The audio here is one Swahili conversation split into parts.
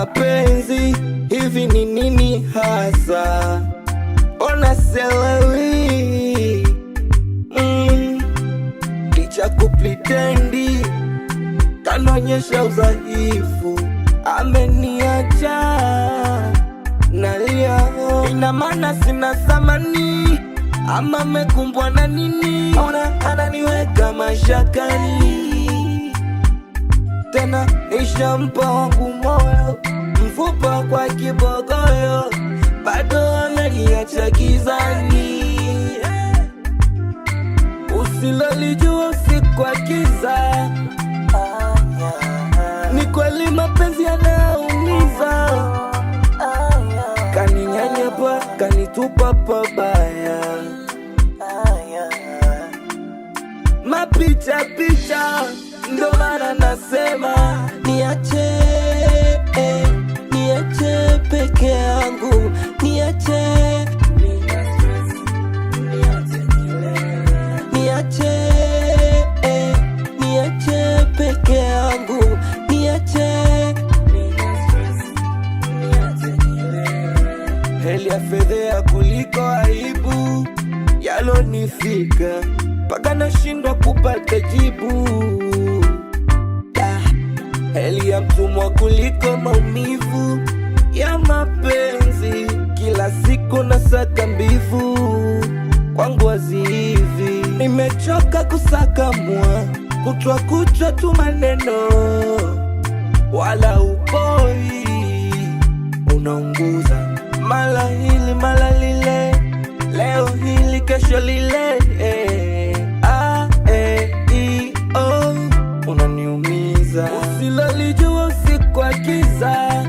mapenzi hivi ni nini hasa? Ona selewi mm, licha kanonyesha kanaonyesha udhaifu, ameniacha nalia, ina maana sina thamani ama mekumbwa na nini? Ona ananiweka mashakani tena nishampa wangu moyo mfupa kwa kibogoyo, bado ananiacha gizani. Usilalijua usiku wa kiza ni kweli mapenzi yanaumiza. Kaninyanyapa, kanitupa pabaya, mapicha picha ndo kusema niache, eh, niache peke yangu niache, niache, eh, niache peke yangu niache. Heli ya fedhea kuliko aibu yalonifika, mpaka nashindwa kupata jibu kuliko maumivu ya mapenzi. Kila siku na saka mbivu kwangu wazihivi, nimechoka kusakamwa kutwa kutwa tu maneno, wala upoi unaunguza, mala hili mala lile, leo hili kesho lile eh. Ah, eh oh. Unaniumiza kwa kiza.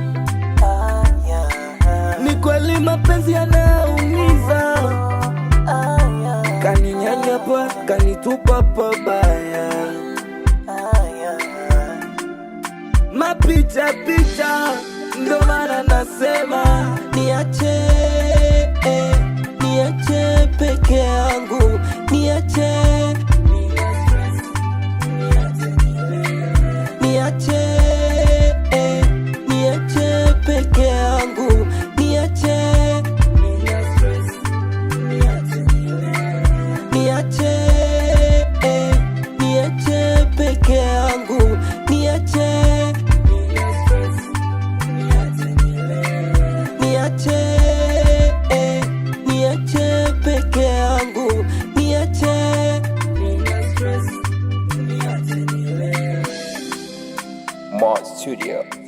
Ni kweli mapenzi yanaumiza, kaninyanyapa kanitupa pabaya, mapicha picha, ndo maana nasema niache eh. Mart Studio.